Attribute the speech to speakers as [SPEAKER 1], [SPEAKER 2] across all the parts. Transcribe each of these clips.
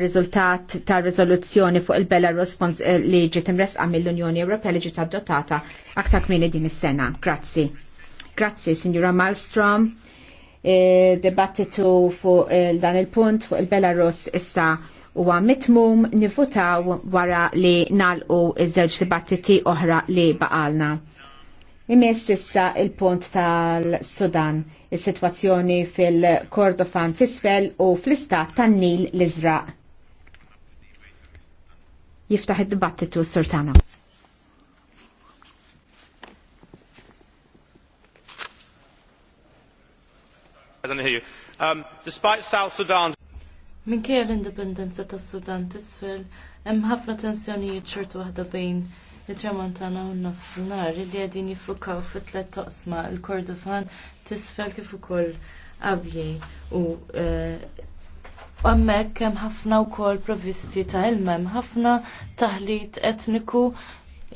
[SPEAKER 1] rizultat ta' rizoluzzjoni fuq il-Belarus eh, li ġiet imresqa mill-Unjoni Ewropea li ġiet adottata aktar kmini din is-sena. Grazzi. Grazzi, Signora Malmstrom. E, Debattitu fuq eh, dan il-punt fuq il-Belarus issa huwa mitmum nivvutaw wara li nalqu iż-żewġ dibattiti oħra li baqalna. Imess issa il-punt tal-Sudan, is-sitwazzjoni fil-Kordofan fisfel u fl-istat tan-Nil l-Iżraq jiftaħ id-dibattitu s-sortana.
[SPEAKER 2] Um, despite South Sudan's
[SPEAKER 3] Minkejja l-indipendenza tas sudan tisfel, hemm ħafna tensjonijiet xort waħda bejn it-tramontana u n-nofsinhar li qegħdin jifukaw fit tlet toqsma l-Kordofan tisfel kif ukoll Abjej u eh, u hemmhekk hemm ħafna wkoll provvisti ta' ilma hemm ħafna taħlit etniku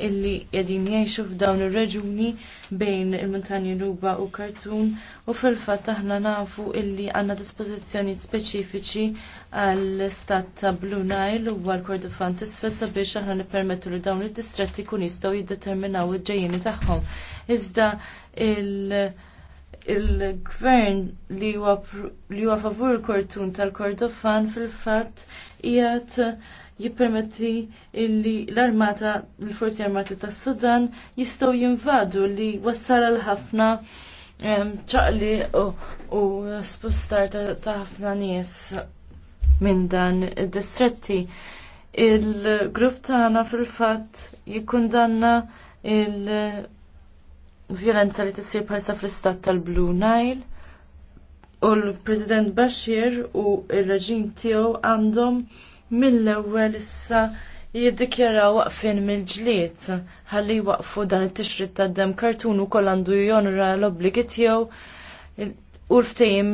[SPEAKER 3] illi qegħdin jgħixu f'dawn ir-reġuni bejn il-Montani Ruba u Kartun u fil-fatt aħna nafu illi għandna dispożizzjonijiet speċifiċi għall-istat ta' Blue Nile u għal-Kordofan tisfel sabiex aħna nippermettu li dawn id-distretti kun jistgħu jiddeterminaw il-ġejjini tagħhom. Iżda il- il-gvern li huwa favur il-kortun tal-Kordofan fil-fatt qiegħed jippermetti li l-armata l-forzi armati tas-Sudan jistgħu jinvadu li wassal għal ħafna ċaqli u spostar ta' ħafna nies minn dan id-distretti. Il-grupp tagħna fil-fatt jikkundanna il- violenza li tisir bħalsa fl-istat tal-Blue Nile u l-President Bashir u il-reġim tiegħu għandhom mill-ewwel issa jiddikjaraw waqfin mill-ġlied ħalli waqfu dan it-tixrid tad-dem kartun u koll għandu jonra l-obbligi tiegħu u l-ftehim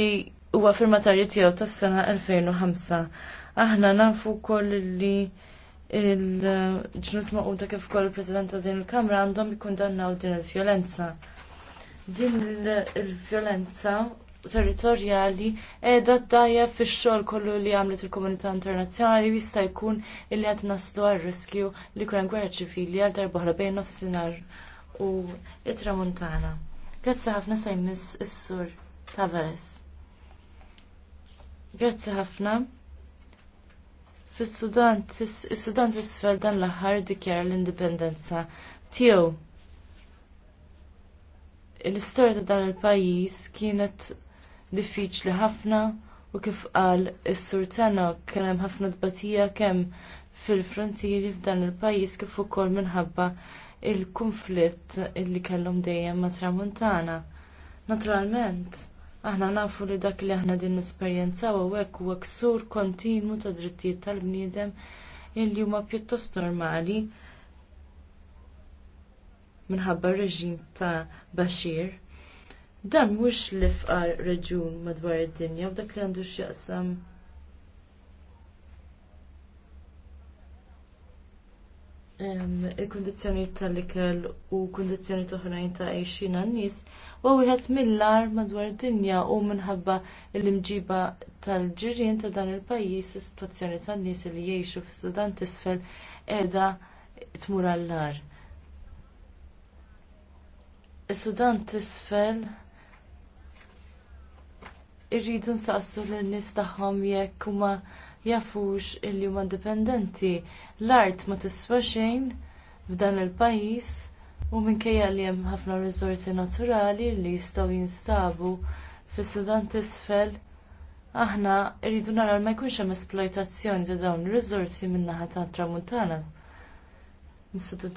[SPEAKER 3] li huwa firmatarju tiegħu tas-sena 2005. Aħna nafu koll li il-ġnus maquda kif ukoll il-President ta' din il-Kamra għandhom jikkundannaw din il-vjolenza. Din il-vjolenza territorjali edha d-dajja fix-xogħol kollu li għamlet il-komunità internazzjonali jista' jkun li qed naslu għar-riskju li hemm gwerra ċivili għal darbohra bejn nofsinhar u it-tramuntana. Grazzi ħafna sajmis is-sur Tavares. Grazzi ħafna. Fis-Sudan, is-Sudan tisfel dan l-aħħar dikjara l-indipendenza tiegħu. L-istorja ta' dan il-pajjiż kienet diffiċli ħafna u kif qal is-Sur Tanok kien hemm ħafna tbatija kemm fil-frontieri f'dan il-pajjiż kif ukoll minħabba il-konflitt illi kellhom dejjem mat tramuntana. Naturalment, Aħna nafu li dak li aħna din għek u huwa ksur kontinu ta' drittijiet tal-bniedem li huma pjuttost normali minħabba r reġim ta' Bashir. Dan mhux l fqar reġun madwar id-dinja u dak li għandu x'jaqsam il kondizjoni tal-ikel u kondizjoni toħrajn ta' għajxin għan-nies u wieħed mill-ar madwar id-dinja u minħabba l-imġiba tal-ġirien ta' dan il-pajjiż is-sitwazzjoni tan-nies li jgħixu fis-Sudan t'isfel qiegħda tmur għall-ar. Is-Sudan t'isfel irridu nsaqsu lin-nies tagħhom jekk huma jafux il huma dipendenti. L-art ma tiswa xejn f'dan il-pajjiż U minkejja li hemm ħafna rizorsi naturali li jistgħu jinstabu fis-Sudan t'isfel, aħna rridu naraw ma jkunx hemm esploitazzjoni ta' dawn ir-riżorsi min-naħa tat-Tramuntana. Mis-Sudan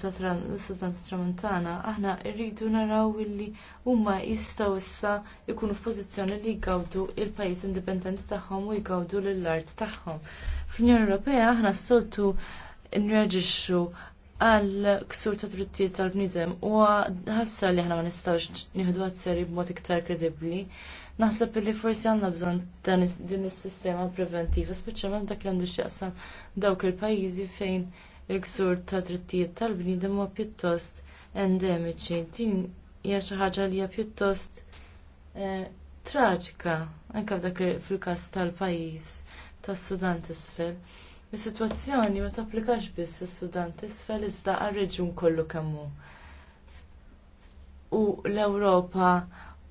[SPEAKER 3] t tramuntana aħna rridu naraw li huma jistgħu issa jkunu f'pożizzjoni li jgawdu il-pajjiż indipendenti tagħhom u jgawdu lill-art tagħhom. Fl-Unjoni Ewropea aħna s-soltu nreġixxu għal ksur ta' drittijiet tal-bnidem u ħassa li ħna ma nistawx nieħdu għazzeri b'mod iktar kredibbli. Naħseb li forsi għandna bżonn din is-sistema preventiva, speċjalment dak li għandu x'jaqsam dawk il-pajjiżi fejn il-ksur ta' drittijiet tal-bnidem huwa pjuttost endemiċi. Din hija xi ħaġa li hija pjuttost eh, traġika anke f'dak fil-każ tal-pajjiż tas-Sudan t'isfel mis sitwazzjoni ma tapplikax biss is-Sudan tisfel iżda għar-reġjun kollu kemm hu. U l-Ewropa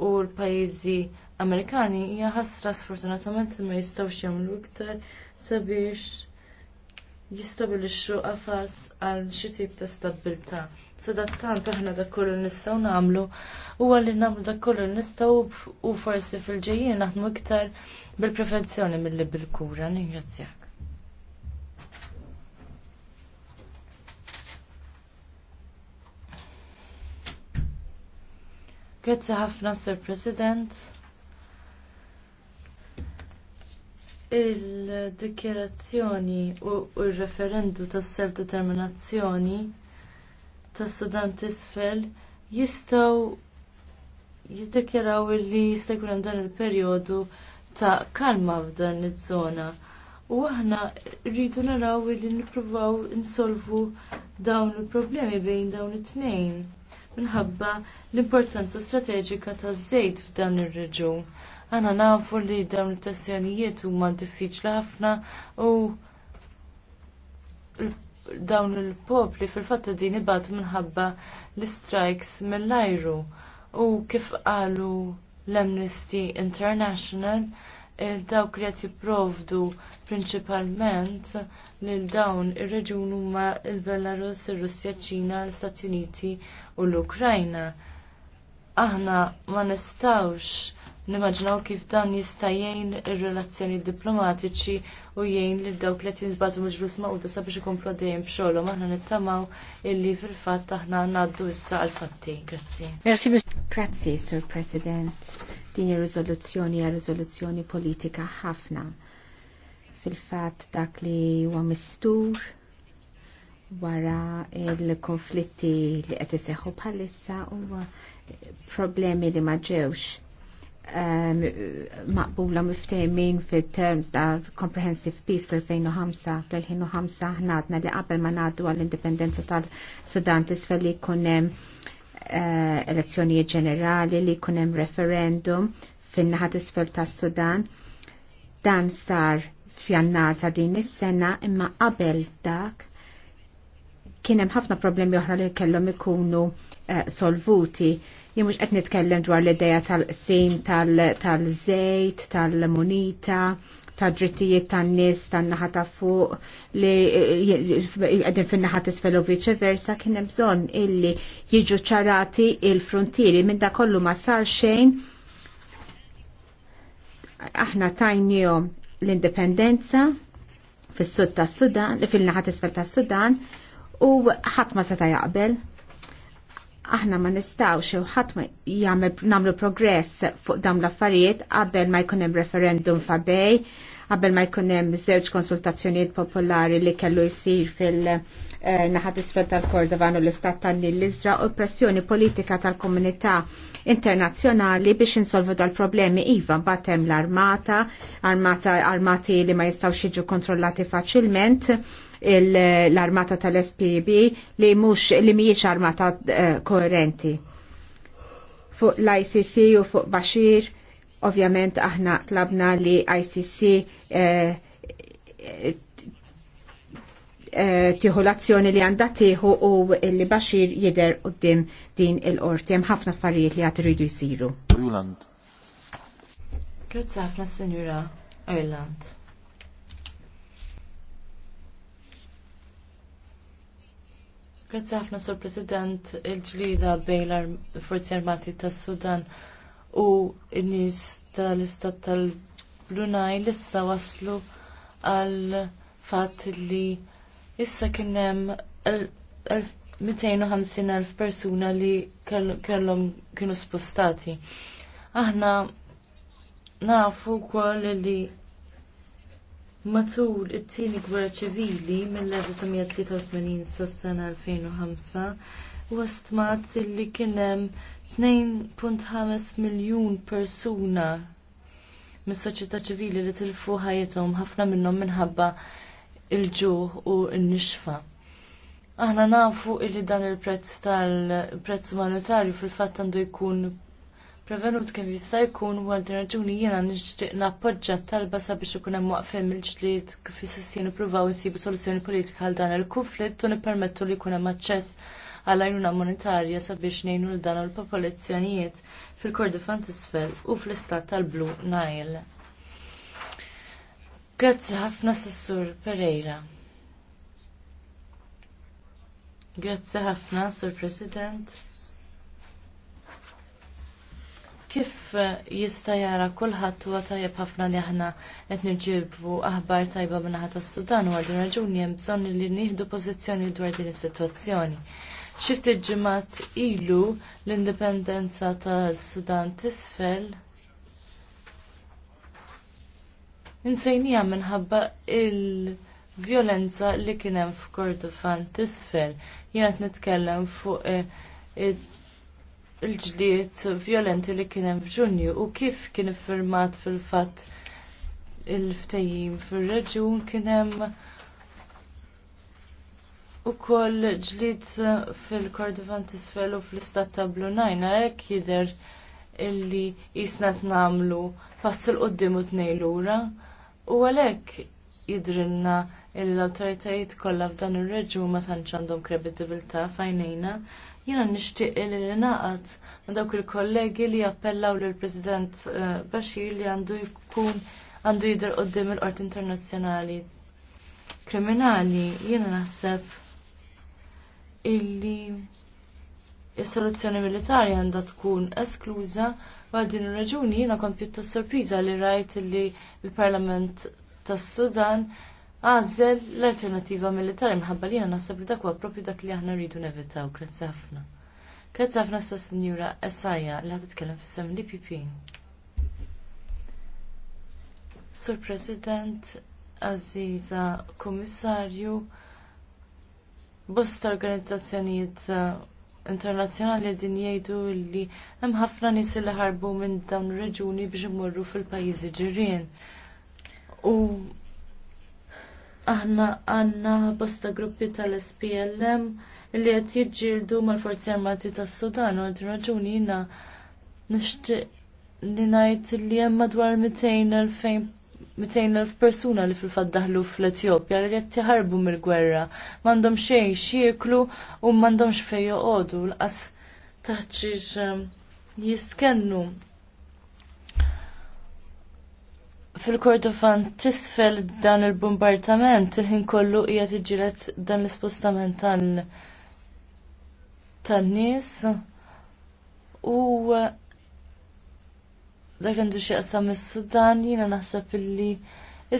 [SPEAKER 3] u l-pajjiżi Amerikani hija ħasra sfortunatament ma jistgħux jagħmlu iktar sabiex jistabilixxu qafas għal xi tip ta' stabbiltà. Sadattant aħna dak kollu nistgħu nagħmlu huwa li nagħmlu dak kollu nistgħu u forsi fil-ġejjin naħdmu iktar bil-prevenzjoni milli bil-kura. Ningrazzjak. Grazzi ħafna, Sir President. Il-dikjerazzjoni u il-referendu tas self-determinazzjoni tas Sudan tisfel jistaw jiddikjaraw li jistakunem dan il-periodu ta' kalma f'dan il zona U aħna rridu naraw li nippruvaw insolvu dawn il-problemi bejn dawn it-tnejn minħabba l-importanza strateġika taż-żejt f'dan ir-reġun. Aħna nafu li dawn it-tessjonijiet huma diffiċli ħafna u dawn il-popli fil-fatt din ibatu minħabba l-strikes mill-ajru u kif qalu l-Amnesty International dawk li qed jipprovdu prinċipalment lil dawn ir-reġun huma l-Belarus, ir-Russja, ċ-Ċina, l-Stati Uniti u l-Ukrajna, aħna ma nistawx nimmaġinaw kif dan jista' jgħin ir-relazzjoni diplomatiċi u jgħin li dawk li qed mill-ġlus Magħquda sabiex ikomplu dejjem b'xogħolhom aħna nittamaw illi fil-fatt aħna ngħaddu issa għall fatti. Grazzi.
[SPEAKER 1] Grazzi, Sur President. Din ir-riżoluzzjoni hija riżoluzzjoni politika ħafna. Fil-fatt dak li huwa mistur wara il-konflitti li qed iseħħu bħalissa huwa problemi li ma ġewx um, maqbula miftejmin fil-terms ta' Comprehensive Peace fil-2005 fil-2005 ħnadna li qabel ma ngħaddu għall-indipendenza tal-Sudan tisfel li kunem uh, eh, elezzjonijiet ġenerali li kunem referendum fin naħa tisfel tas-Sudan dan sar f'jannar ta' din is-sena imma qabel dak Kien hemm ħafna problemi oħra li kellhom ikunu eh, solvuti. Jien mhux qed nitkellem dwar l-idea tal-qsim tal-żejt, tal-munita, ta' drittijiet tan nies tan-naħa ta' fuq li eh, eh, qegħdin fin-naħa tisfel u versa, kien hemm bżonn illi jiġu ċarati il-frontieri minn da kollu ma sar xejn aħna tajnihom l-indipendenza fis-sud tas-Sudan, fil-naħa tisfel tas-Sudan, u ħadd ma seta' jaqbel. Aħna ma nistgħux u ħadd ma jagħmel nagħmlu progress fuq dawn l-affarijiet qabel ma jkun hemm referendum fabej, qabel ma jkun hemm żewġ konsultazzjonijiet popolari li kellu jsir fil- eh, naħat isfel tal-Kordovan u l-istat tal nil l-Izra u pressjoni politika tal-komunità internazzjonali biex insolvu dal-problemi iva batem l-armata, armata armati li ma jistaw xieġu kontrollati faċilment l-armata tal-SPB li mhux li mhijiex armata eh, koerenti. Fuq l-ICC u fuq Bashir, ovvjament aħna tlabna li ICC eh, eh, tiħu l-azzjoni li għandha tieħu u li Bashir jider qudiem din il-qorti. Hemm ħafna affarijiet li rridu jisiru. jsiru.
[SPEAKER 3] Grazie ħafna, Signora Ireland. Grazie ħafna sur President il-ġlida bejn l-Forzi Armati tas-Sudan u n-nies tal-Istat tal-Brunaj issa waslu għal fatt li issa kien hemm 250.000 persuna li kellhom kienu spostati. Aħna nafu wkoll li Matul it-tieni gwerra ċivili mill-1983 sas-sena 2005 huwa stmat li kien hemm 2.5 miljun persuna mis-soċjetà ċivili li tilfu ħajjithom ħafna minnhom minħabba il-ġuħ u n-nixfa. Aħna nafu illi dan il-prezz tal-prezz umanitarju fil-fatt għandu jkun prevenut kemm jista' jkun u għal raġuni jiena nixtieq nappoġġa talba sabiex ikun hemm waqfien il-ġlied kif ississi nippruvaw insibu soluzzjoni politika għal dan il kunflitt u nippermettu li jkun hemm aċċess għal għajnuna monetarja sabiex ngħinu l dan il-popolazzjonijiet fil-Kordofan t'isfel u fl-istat tal-Blu Nile. Grazzi ħafna Sessur Pereira. Grazzi ħafna, Sur President. Kif eh, jista jara kulħadd huwa tajjeb ħafna li aħna qed nirġibu aħbar tajba min-naħa tas-Sudan u għal raġuni hemm bżonn li nieħdu pożizzjoni dwar din is-sitwazzjoni. Xift il-ġimgħat ilu l-indipendenza tas-Sudan tisfel insejnija minħabba il-vjolenza li kien hemm f'Kordofan tisfel. Jien qed nitkellem fuq eh, il ġlied violenti li kien hemm f'Ġunju u kif kien iffirmat fil-fatt il-ftejjim fir-reġjun kien hemm ukoll ġlied fil-Kordofan tisfel u fl-istat ta' Blunajna hekk jidher illi jisna nagħmlu pass il qoddim u tnej lura u għalhekk jidrilna illi l-awtoritajiet kollha f'dan ir-reġjun ma tantx għandhom kredibilità fajnejna Jiena nixtieq li naqgħod ma' dawk il-kollegi li appellaw lill president eh, Bashir li għandu jkun għandu jidher qoddim il-Qorti Internazzjonali Kriminali. Jiena naħseb illi il soluzzjoni militari għandha tkun eskluża għal din ir-raġuni jiena kont pjuttost li rajt illi l-Parlament tas-Sudan għazel l-alternativa militari minħabba li nasab li dakwa propju dak li aħna rridu nevitaw. kretz ħafna. Kretz ħafna sa Sinjura Esaja li ħad titkellem fis-sem l pp Sur President, Aziza, Kummissarju, bosta organizzazzjonijiet eh, internazzjonali din jgħidu li hemm ħafna nies li ħarbu minn dawn ir-reġuni biex imorru fil-pajjiżi ġirien. U aħna għanna bosta gruppi tal-SPLM li qed jiġġieldu mal-Forzi Armati tas-Sudan u għad raġuni jina nixtieq li ngħid li hemm madwar 200,000 200.000 persuna li fil-fat daħlu fl-Etjopja li qed jaħarbu mill-gwerra, m'għandhom xejn xieklu u m'għandhomx fejn joqogħdu l-qas taħċiġ ehm, jiskennu. fil-Kordofan tisfel dan il-bombardament il-ħin kollu qiegħed iġilet dan l-ispostament tan-nies u eh, dak għandu xieqsam mis-Sudan jiena naħseb illi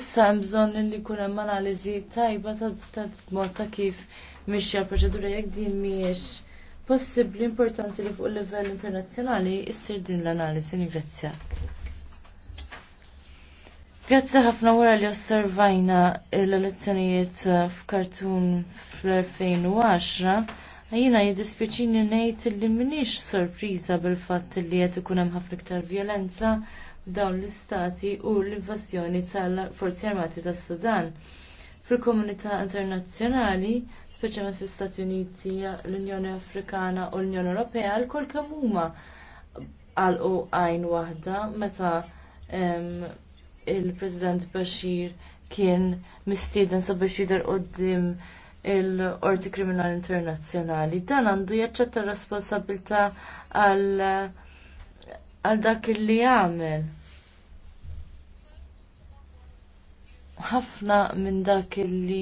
[SPEAKER 3] issa hemm bżonn li jkun hemm analiżi tajba tad mod ta' kif mixja l-proċedura jekk din mhijiex possibbli importanti li fuq il-livell internazzjonali issir din l-analiżi. Ningrazzjak. Grazzi ħafna wara li osservajna l-elezzjonijiet eh, f'Kartun fl-2010, jina jiddispjaċini ngħid li m'iniex sorpriża bil-fatt li qed ikun hemm ħafna iktar violenza f'dawn l-istati u l-invażjoni tal-Forzi Armati tas-Sudan. Fil-komunità internazzjonali, speċjalment fl-Istati Uniti, l-Unjoni Afrikana u l-Unjoni Ewropea, l-kol kemm huma għalqu għajn waħda meta il-President Bashir kien mistieden sabiex jidher qoddim il-Qorti Kriminal Internazzjonali. Dan għandu jaċċetta responsabilità għal għal dak li għamel. Ħafna minn dak li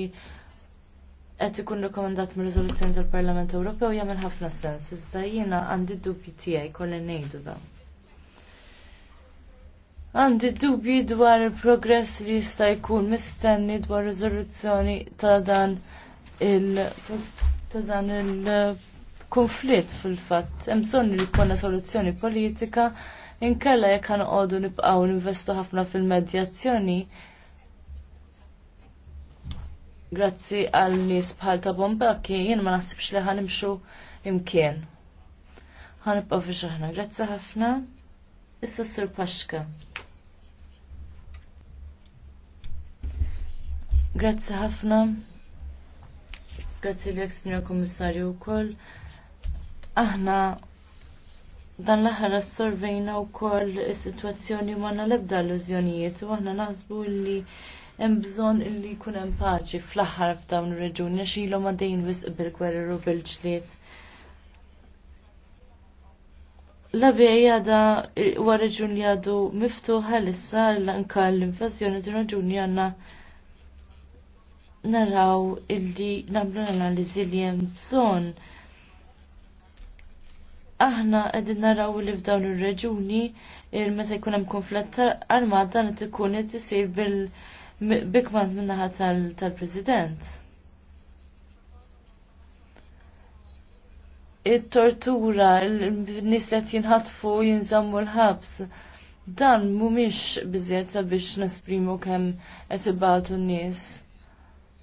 [SPEAKER 3] qed ikun rekomendat mir riżoluzzjoni tal-Parlament Ewropew jagħmel ħafna sens, iżda jiena għandi dubji tiegħi kolli ngħidu da. Għandi dubji dwar il-progress li jista' jkun mistenni dwar riżoluzzjoni ta' dan il- ta' dan il fil-fatt. Hemm bżonn li jkollna soluzzjoni politika inkella jekk ħanqogħdu nibqgħu ninvestu ħafna fil-medjazzjoni. Grazzi għal nies bħal ta' Bombaki jien ma naħsibx li ħanimxu imkien. Ħanibqgħu fiex aħna. Grazzi ħafna. Issa Sur Paxka. Grazzi ħafna. Grazzi l Signor Kommissarju wkoll. Aħna dan l-aħħar assorvejna wkoll is-sitwazzjoni ma nalebda l-iżjonijiet u aħna naħsbu li hemm bżonn li jkun hemm paċi fl-aħħar f'dawn ir-reġuni xilhom għaddejn wisq bil-gwerer u bil-ġlied. L-abej għada huwa reġun li għadu miftuħa l-issa l-anka l-invażjoni d-raġuni għandna naraw illi nagħmlu l analizi li hemm bżonn. Aħna qegħdin naraw li f'dawn ir-reġuni meta jkun hemm konflitt armat dan qed ikun qed isir bil-bikmand min-naħa tal-President. It-tortura, n nis li jinħatfu jinżammu l-ħabs dan mumiex bizzet sabiex nesprimu kem etibatu n-nis.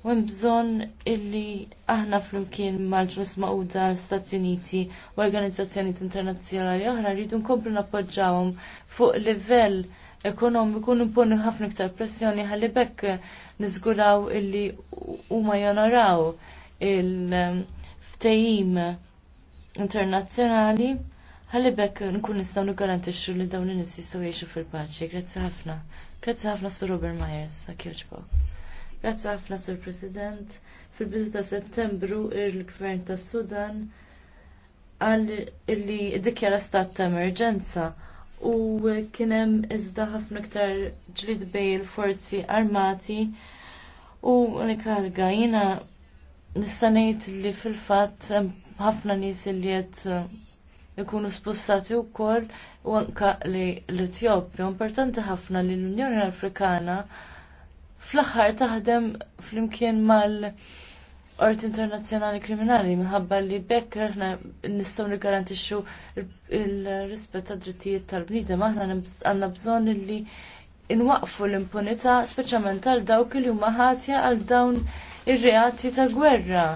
[SPEAKER 3] U bżon bżonn illi aħna flimkien mal ġus maquda l-Stati Uniti u organizzazzjoni internazzjonali oħra rridu nkomplu nappoġġawhom fuq livell ekonomiku nimponu ħafna iktar pressjoni ħalli bekk niżguraw illi huma jonoraw il-ftehim internazzjonali ħalli bekk nkun nistgħu nigarantixxu li dawn in-nies jistgħu jgħixu fil-paċi. Grazzi ħafna. Grazzi ħafna Sir Robert Myers, sa Grazzi ħafna, Sur President. Fil-bidu ta' settembru il-Gvern ta' Sudan għal li dikjara stat ta' emerġenza u kien hemm iżda ħafna iktar ġlid bej il-forzi armati u nikarga jina nista' ngħid li fil-fatt ħafna nies li jett uh, ikunu spostati wkoll u anke l-Etjopja. Importanti ħafna li l-Unjoni Afrikana fl-aħħar taħdem flimkien mal- Qorti Internazzjonali Kriminali minħabba li bekk aħna nistgħu nigarantixxu il-rispett tad drittijiet tal-bniedem aħna għandna bżonn li inwaqfu l-impunità speċjalment għal dawk li huma ħatja għal dawn ir-reati ta' gwerra.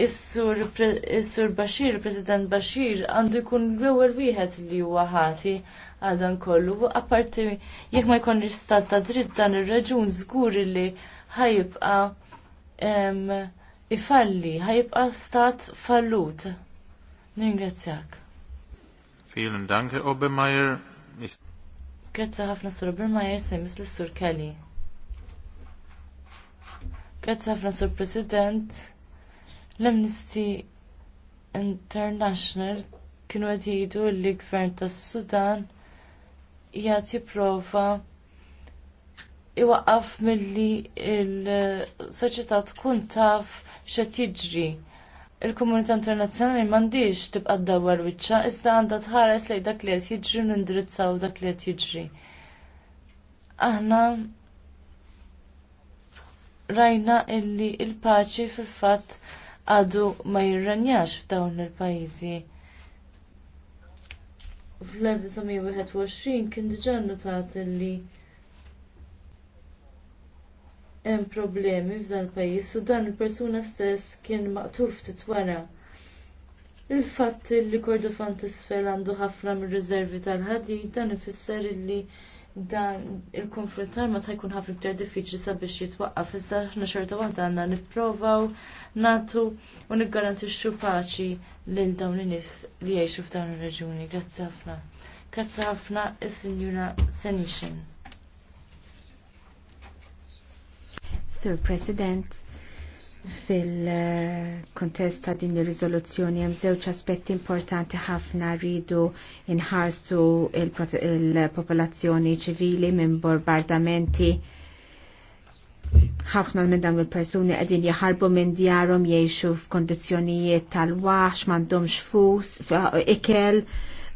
[SPEAKER 3] Is-sur Bashir, il-President Bashir, għandu jkun l-ewwel wieħed li huwa ħati Għadan kollu. kollu. Apparti jekk ma jkun stat ta' dritt dan ir-raġun zgur li ħajibqa' ifalli, ħajibqa' stat fallut. Ningrazzjak.
[SPEAKER 2] Vielen Dank, Herr Obermeier.
[SPEAKER 3] Grazzi ħafna Sur Obermeier, semis li sur Kelly. Grazzi ħafna Sur President. L-Amnesty International kienu għed jgħidu li gvern tas-Sudan prova jipprova mill milli il-soċjetà tkun taf x'qed jiġri il-komunità internazzjonali m'għandix tibqa' d-dawar wiċċa iżda għandha tħares lejn dak li qed jiġri u nindirizzaw dak li qed jiġri. Aħna rajna illi il-paċi fil-fatt għadu ma jirranjax f'dawn il-pajjiżi u fl-1921 kien diġà notat li hemm problemi f'dan il-pajjiż u dan il-persuna stess kien maqtul ftit wara. Il-fatt li Kordofan tisfel għandu ħafna mir-riservi tal-ħadid dan ifisser li dan il-konfrontar ma ta' jkun ħafna iktar diffiċli sabiex jitwaqqaf. Iżda ħna xorta waħda għandna nipprovaw natu u niggarantixxu paċi lil dawn in-nies li jgħixu f'dawn ir-reġuni. Grazzi ħafna. Grazzi ħafna is-Sinjura Senishin. Sir President,
[SPEAKER 1] fil-kontest ta' din ir-riżoluzzjoni hemm żewġ aspetti importanti ħafna rridu inħarsu il-popolazzjoni ċivili minn bombardamenti ħafna minn dawn il-persuni qegħdin jaħarbu minn djarhom jgħixu f'kondizzjonijiet tal-wax, m'għandhomx fus, ikel,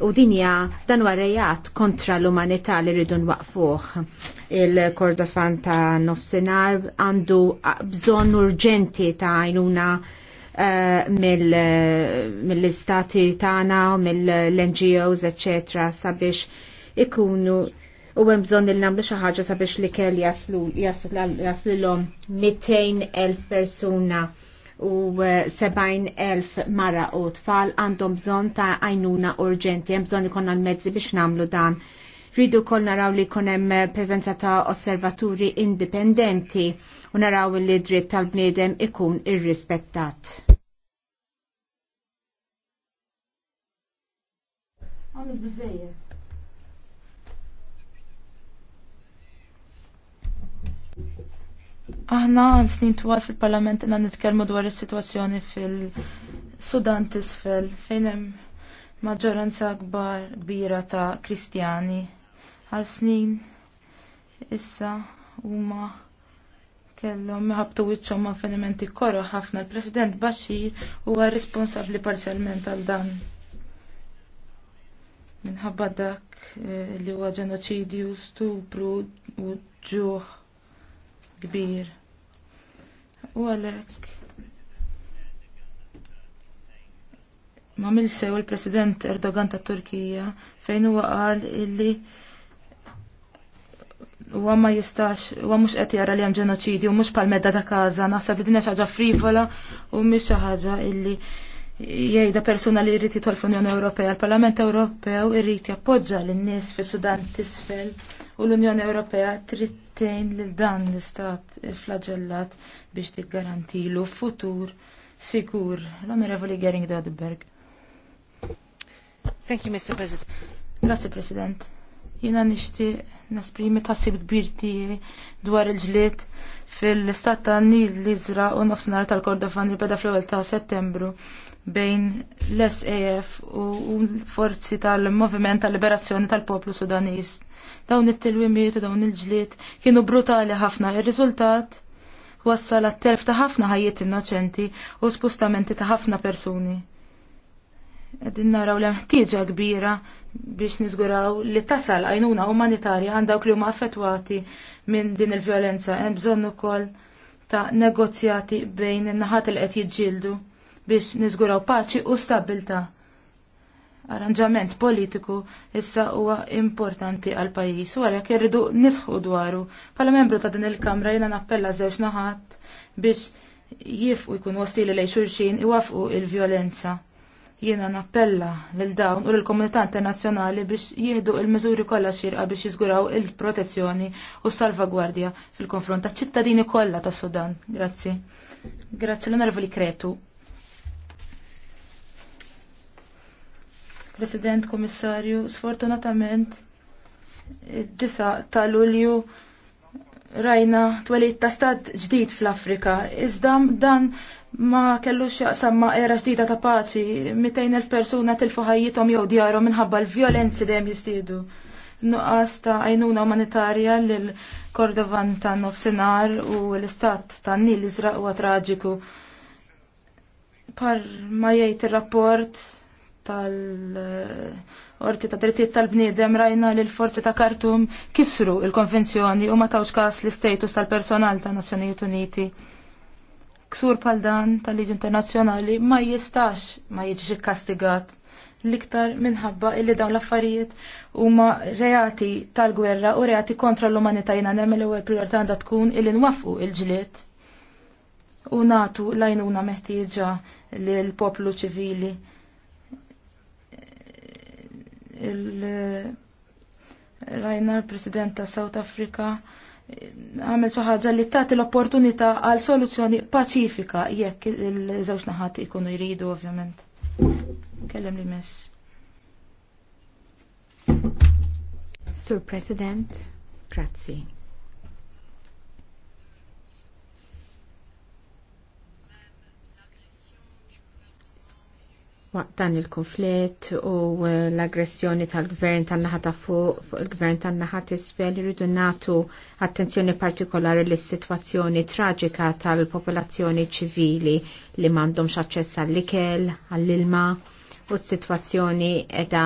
[SPEAKER 1] u dinja dan huwa rejat kontra l-umanità li rridu nwaqfuh. Il-Kordofan ta' nofsinhar għandu bżonn urġenti ta' għajnuna uh, mill-istati mill tagħna mill-NGOs, eċċetera, sabiex ikunu u hemm bżonn li nagħmlu xi ħaġa sabiex li kell jaslu jaslilhom 200,000 persuna u 70,000 eh, mara u tfal għandhom bżonn ta' għajnuna urġenti, hemm bżonn ikonna mezzi biex nagħmlu dan. Ridu kol naraw li hemm eh, prezenza ta' osservaturi indipendenti u naraw li dritt tal-bnedem ikun irrispettat.
[SPEAKER 2] Għamil bizzejiet. Aħna għan snin twal fil-parlament għan nitkelmu dwar is-situazzjoni fil-Sudan tisfel fejn hemm maġġoranza kbar kbira ta' Kristjani. Għal snin issa huma kellhom meħabtu wiċċhom ma' avvenimenti korra ħafna l president Bashir huwa responsabbli parzjalment għal dan. Minħabba dak eh, li huwa ġenoċidju, stupru u ġuħ kbir. U għalek. Ma milsew il-President Erdogan ta' Turkija fejn huwa qal illi huwa ma jistax huwa mhux qed jara li hemm ġenoċidju mhux pal-medda ta' każa, naħseb li din hija xi ħaġa frivola u mhix xi ħaġa illi jgħida persuna li jrid jitol fl-Unjoni Ewropea. Il-Parlament Ewropew irrid jappoġġa lin-nies fis-Sudan t'isfel u l-Unjoni Ewropea trid tgħin lil dan l-istat flagellat biex tiggarantilu futur sikur. L-Onorevoli Gering Dodberg. Thank you, Mr. President. Grazie, President. Jina nishti nesprimi tassib kbir tiegħi dwar il-ġlied fil-istat ta' Nil l u nofsinhar tal-Kordofan li beda fl-ewwel ta' Settembru bejn l-SAF u l-forzi tal-Moviment tal-Liberazzjoni tal-Poplu Sudanis. Dawn it-tilwimiet u dawn il-ġlied kienu brutali ħafna. Ir-riżultat wassal għat-telf ta' ħafna ħajjiet innoċenti u spostamenti ta' ħafna persuni. Għedin naraw l-ħtieġa kbira biex nizguraw li tasal għajnuna umanitarja għandaw li huma affettwati minn din il-violenza. Hemm bżonn ukoll ta' negozjati bejn in-naħat il-qed jiġġieldu biex niżguraw paċi u stabilta. Arranġament politiku issa huwa importanti għal pajjiż u għalhekk irridu nisħu dwaru. Bħala membru ta' din il-Kamra jiena nappella żewġ naħat biex jifqu jkunu ostili lejn xulxin iwafqu il-vjolenza jiena nappella lil dawn u l-komunità internazzjonali biex jieħdu il-miżuri kollha xirqa biex jiżguraw il-protezzjoni u salvagwardja fil-konfront ta' ċittadini kollha tas Sudan. Grazzi. Grazzi l-onorevoli Kretu. President Komissarju, sfortunatament id-disa ta' Lulju rajna twelit ta' stad ġdid fl-Afrika. Iżda dan ma kellux jaqsam ma' era ġdida ta' paċi, 200.000 persuna tilfu ħajjithom jew djarhom minħabba l violenzi dejjem jistiedu. nuqqas ta' għajnuna umanitarja l-Kordovan ta' Nofsenar u l-istat ta' Nil Izraq traġiku. Par ma jgħid ir-rapport tal-orti ta' drittijiet tal-bniedem rajna li l-forzi ta' Kartum kisru il-konvenzjoni u ma tawx kas l-istatus tal-personal ta' Nazzjonijiet Uniti. Ksur pal dan tal-liġi internazzjonali ma jistax ma jiġix ikkastigat l-iktar minħabba illi dawn l-affarijiet huma reati tal-gwerra u reati kontra l umanita jina nemmel ewwel priorità tkun illi nwaffqu il-ġlied u natu lajnuna meħtieġa lill poplu ċivili il-rajna l-President ta' South Africa għamel xi ħaġa li tagħti l-opportunità għal soluzzjoni paċifika jekk il-żewġ naħat ikunu jridu ovvjament. Kellem
[SPEAKER 1] li miss. Sur President, grazzi. dan il-konflitt u eh, l-aggressjoni tal-gvern tan-naħa ta' fuq fuq il-gvern tan-naħa tisfel irridu natu attenzjoni partikolari lis sitwazzjoni traġika tal-popolazzjoni ċivili li m'għandhomx aċċess għall-ikel, għall-ilma u s-sitwazzjoni edha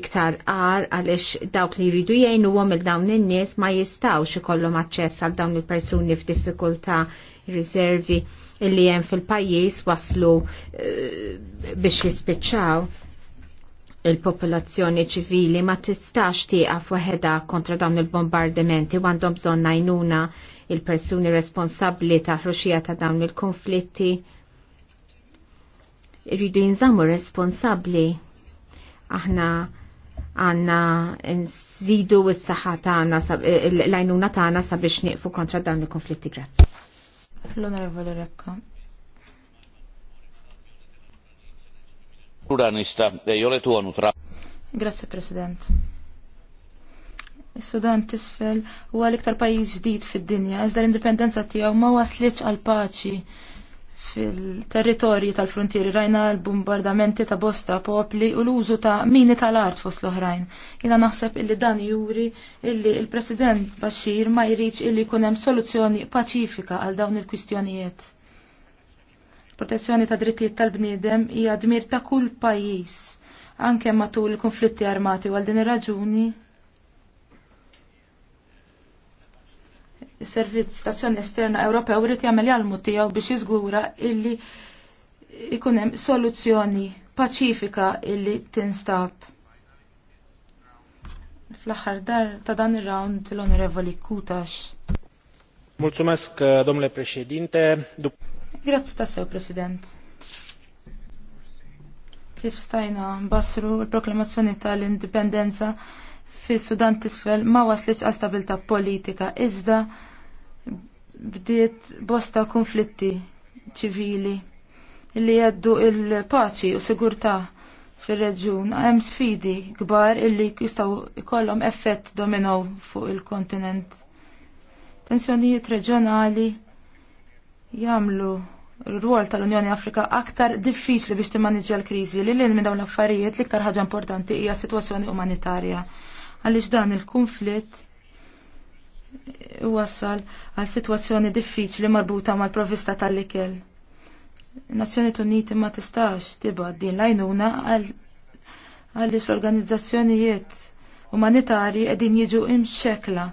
[SPEAKER 1] iktar qar għaliex dawk li jridu jgħinu għom il-dawn in-nies ma jistawx ikollhom aċċess għal dawn il-persuni f'diffikultà riservi illi jen fil-pajjiż waslu eh, biex jispiċċaw il-popolazzjoni ċivili ma tistax tieqaf waħedha kontra dawn il-bombardimenti u għandhom bżonn najnuna il-persuni responsabbli ta' ħruxija ta' dawn il-konflitti. Rridu jinżammu responsabbli. Aħna għanna nżidu s-saħħa tagħna l-għajnuna tagħna sabiex nieqfu kontra dawn il-konflitti. Grazzi
[SPEAKER 2] l-Onorevoli Rekka.
[SPEAKER 1] Sudanista ei le tuonut ra-
[SPEAKER 2] Grazie, President. Sudan tisfel huwa l-iktar pajjiż ġdid fid-dinja, iżda l-indipendenza tiegħu ma waslitx għal paċi fil-territorji tal-frontieri rajna l-bombardamenti ta' bosta popli u l-użu ta' mini tal-art fost l-oħrajn. Ila naħseb illi dan juri illi il-President Bashir ma jriċ illi kunem soluzzjoni paċifika għal dawn il-kwistjonijiet. Protezzjoni ta' drittijiet tal-bniedem hija dmir ta' kull pajjiż anke matul konflitti armati għal din ir-raġuni servizz stazzjoni esterna Ewropew rrit jagħmel jalmu tiegħu biex jiżgura illi ikun hemm soluzzjoni paċifika illi tinstab. Fl-aħħar dar ta' dan ir-round l-Onorevoli Kutax.
[SPEAKER 1] Mulzumesk, domnule președinte.
[SPEAKER 2] Grazzi ta' sew, President. Kif stajna basru l-proklamazzjoni tal-indipendenza fil sudan tisfel ma waslitx għal stabilta politika iżda bdiet bosta konflitti ċivili li jeddu il-paċi u sigurtà fir-reġjun hemm sfidi kbar illi jistgħu jkollhom effett domino fuq il-kontinent. Tensjonijiet reġjonali jagħmlu r ruol tal-Unjoni Afrika aktar diffiċli biex timmanġġa l-kriżi li l minn dawn l-affarijiet l-iktar ħaġa importanti hija s-sitwazzjoni umanitarja għaliex dan il-konflitt wassal għal sitwazzjoni diffiċli marbuta mal-provista tal-ikel. Nazzjoni Uniti ma tistax tibba din l għalix għaliex organizzazzjonijiet umanitarji qegħdin jiġu imxekla.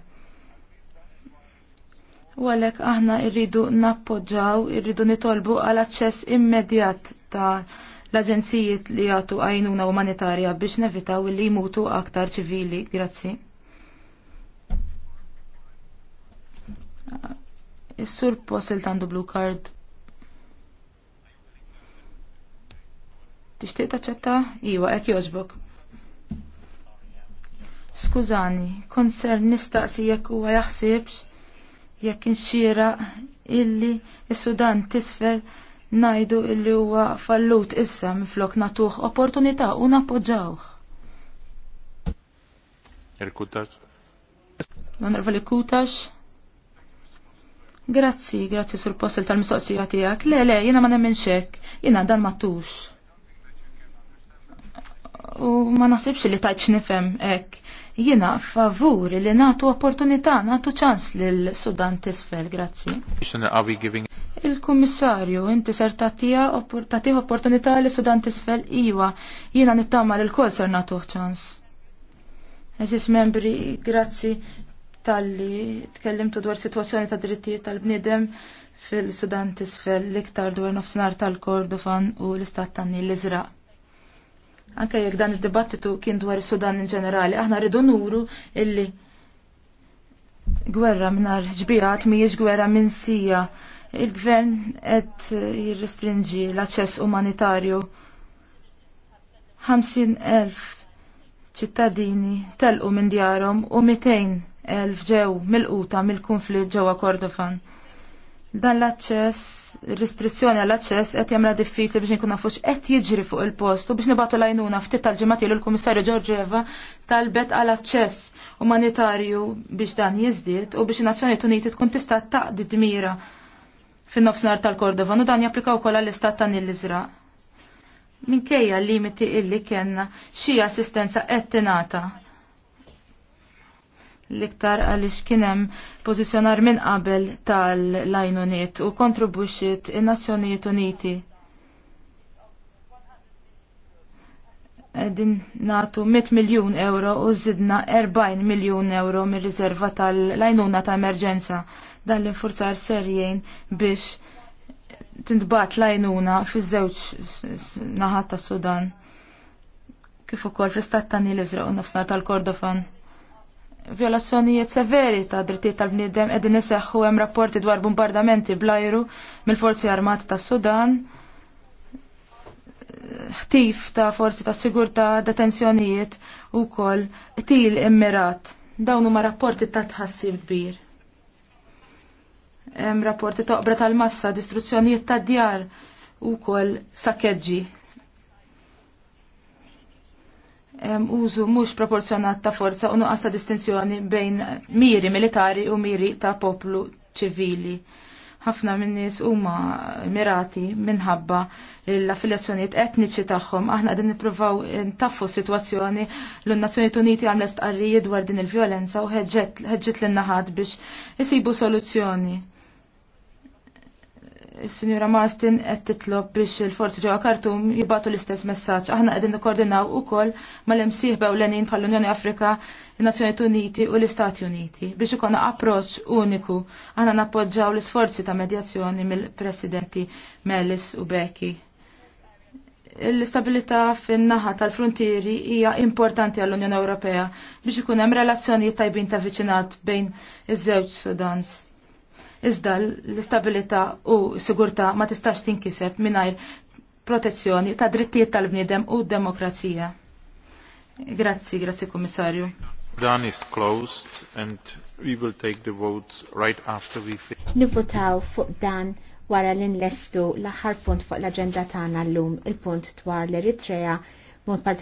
[SPEAKER 2] U għalek aħna irridu nappoġġaw, irridu nitolbu għal aċċess immedjat ta' l-aġenzijiet li jagħtu għajnuna umanitarja biex nevitaw li jmutu aktar ċivili. Grazzi. Is-sur posel tandu blue card. Tixtieq taċċetta? Iwa, hekk jogħġbok. Skużani, konser nistaqsi jekk huwa jaħsibx jekk inxira illi is-Sudan tisfer najdu illi huwa fallut issa miflok natuħ opportunità u nappoġġawh. Il-kutax. Onorevoli Kutax. Grazzi, grazzi sul postel tal-mistoqsija tiegħek. Le, le, jiena ma nemmen xek, jiena dan matux. U ma naħsibx li tajt nifhem hekk. Jiena favur li nagħtu opportunità, nagħtu ċans lil Sudan tisfel, grazzi. Il-Kummissarju, inti ser tatija opportunità li Sudan tisfel iwa, jiena nittama lil kol ser natu ċans. Eżis membri, grazzi tal-li tkellimtu dwar situazzjoni ta' drittijiet tal-bniedem fil-Sudan tisfel l-iktar dwar nofsinhar tal-Kordofan u l-istat tanni l-Iżraq. Anke jekk dan id-dibattitu kien dwar is-Sudan in ġenerali, aħna rridu nuru illi gwerra mingħajr ġbijat mhijiex gwerra minn sija. Il-gvern qed jirrestringi l-aċċess umanitarju. 50,000 ċittadini telqu minn djarhom u 200,000 ġew mill-quta mill-kunflitt ġewwa Kordofan dan l-aċċess, restrizzjoni għall-aċċess qed jagħmilha diffiċli biex nkun nafux qed jiġri fuq il-post u biex nibatu lajnuna ftit tal-ġimgħat ilu l-Kummissarju tal talbet għall aċċess umanitarju biex dan jizdiet, u biex in-Nazzjonijiet Uniti tkun tista' taqdi dmira fin-nofsinhar tal-Kordovan u dan japplika wkoll għall-istat tan nil-Iżraq. Minkejja l-limiti illi kellna xi assistenza qed tingħata l-iktar għaliex kien hemm pożizzjonar minn qabel tal-lajnuniet u kontribuxxiet in-Nazzjonijiet Uniti. Din natu 100 miljun euro u żidna 40 miljun euro mir-riserva tal-lajnuna ta' emerġenza dan l-infurzar serjen biex tintbat lajnuna fiż-żewġ naħat ta' Sudan kif ukoll fl-istat tani l-Izraq nofsna tal-Kordofan violazzjonijiet severi ta' drittijiet tal-bniedem edin iseħħu hemm rapporti dwar bombardamenti blajru mill-forzi armati ta' Sudan, ħtif ta' forzi ta' sigurta, detenzjonijiet u kol til immirat. Dawn huma rapporti ta' tħassib kbir. Hemm rapporti ta' oqbra tal-massa, distruzzjonijiet ta' djar u kol sakkeġġi użu mhux proporzjonat ta' forza u nuqqas ta' distinzjoni bejn miri militari u miri ta' poplu ċivili. Ħafna minn-nies huma mirati minħabba l-affiljazzjonijiet etniċi tagħhom. Aħna qegħdin nippruvaw ntaffu s-sitwazzjoni l nazzjonijiet Uniti għamlet stqarrijiet dwar din il-vjolenza u ħeġġet lin naħat biex isibu soluzzjoni Signora Marstin qed titlob biex il-forzi ġewwa Kartum jibgħatu l-istess messaġġ. Aħna qegħdin nikkoordinaw ukoll mal imsieħ bewlenin l bħall-Unjoni Afrika, in-Nazzjonijiet Uniti u l-Istati Uniti biex ikun approċċ uniku. Aħna nappoġġaw l-isforzi ta' medjazzjoni mill-Presidenti Mellis u Beki. L-istabilità fin-naħa tal-frontieri hija importanti għall-Unjoni Ewropea biex ikun hemm relazzjonijiet tajbin ta' viċinat bejn iż-żewġ Sudans iżda l-istabilità u sigurtà ma tistax tinkiseb mingħajr protezzjoni ta' drittijiet tal-bniedem u demokrazija.
[SPEAKER 1] Grazzi, grazzi Kommissarju.
[SPEAKER 3] Dan is closed and we will take the votes right after we finish.
[SPEAKER 1] Nivvotaw fuq dan wara l-inlestu l-aħħar punt fuq l-agenda tagħna llum il-punt dwar l-Eritrea mod